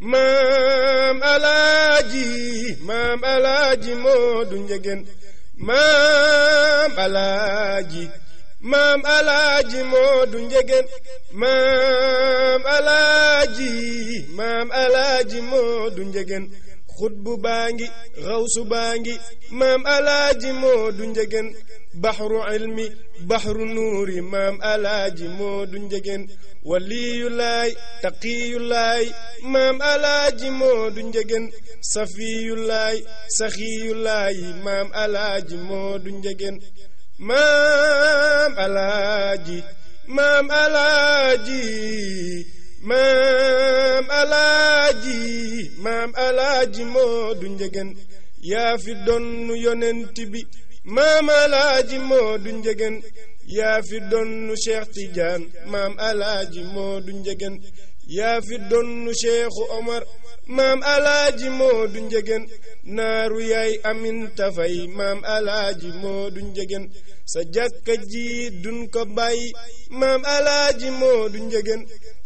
maam alaaji maam alaaji Moodu Njegen maam alaaji maam alaaji moodu njegen maam alaaji maam xutbu baa ngi xawsu baa ngi maam alaaji moodu njegen baxru ilmi baxru nuuri maam alaaji moodu njegen waliyulaay taqiyulaay maam alaaji moodu njegen safiyulaay saxiyulaay maam alaaji moodu njegen alaaji maam alaaji maam alaaji moo du njegen yaa fi donnu yonent bi maam alaaji moo du njegen yaa fi donnu Cheikh Tidiane maam alaaji moo du njegen yaa fi donnu Cheikhu Omar maam alaaji moo du njegen naaru yaay aminta fay maam alaaji moo du njegen sa jàkka ji dun ko bàyyi maam alaaji moo du njegen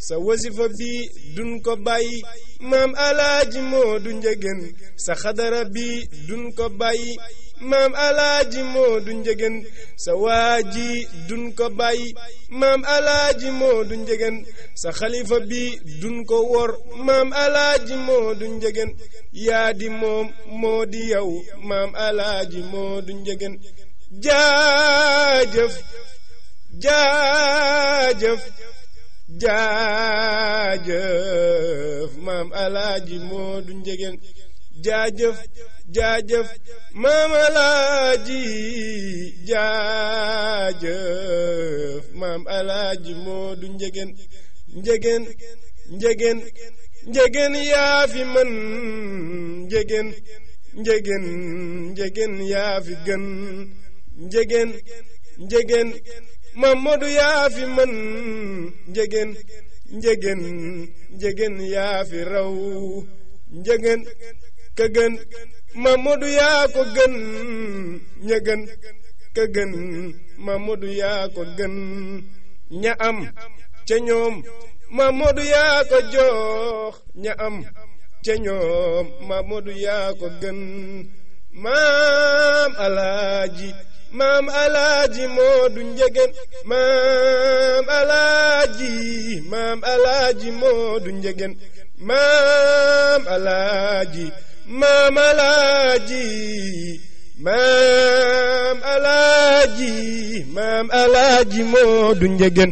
sa wasifa bi dun ko bàyyi maam alaaji moo du njegen sa xadara bi dun ko bàyyi maam alaaji moo du njëgën sa waa ji duñ ko bàyyi maam alaaji moo du njëgën sa xalifa bi duñ ko wor maam alaaji moo du njëgën yaa di moom moo di yow maam alaaji moo du njëgën jaajëf jaajëf jaajëf maam alaaji moo du njëgën jaajëf jaajëf maam alaaji jaajëf moodu njegen njegen njegen njegen yaa mën njegen njegen njegen yaa gën njegen njegen Mamadu yaa fi mën njegen njegen njegen yaa raw njegen ka gën Mamadou yaa ko gën ña gën ka gën Mamadou ca ñoom Mamadou yaa ko jox ña ca ñoom Mamadou yaa ko gën maam alaaji maam alaaji Moodu Njegen maam alaaji maam alaaji maam alaaji maam alaaji maam alaaji maam alaaji moo du njëgën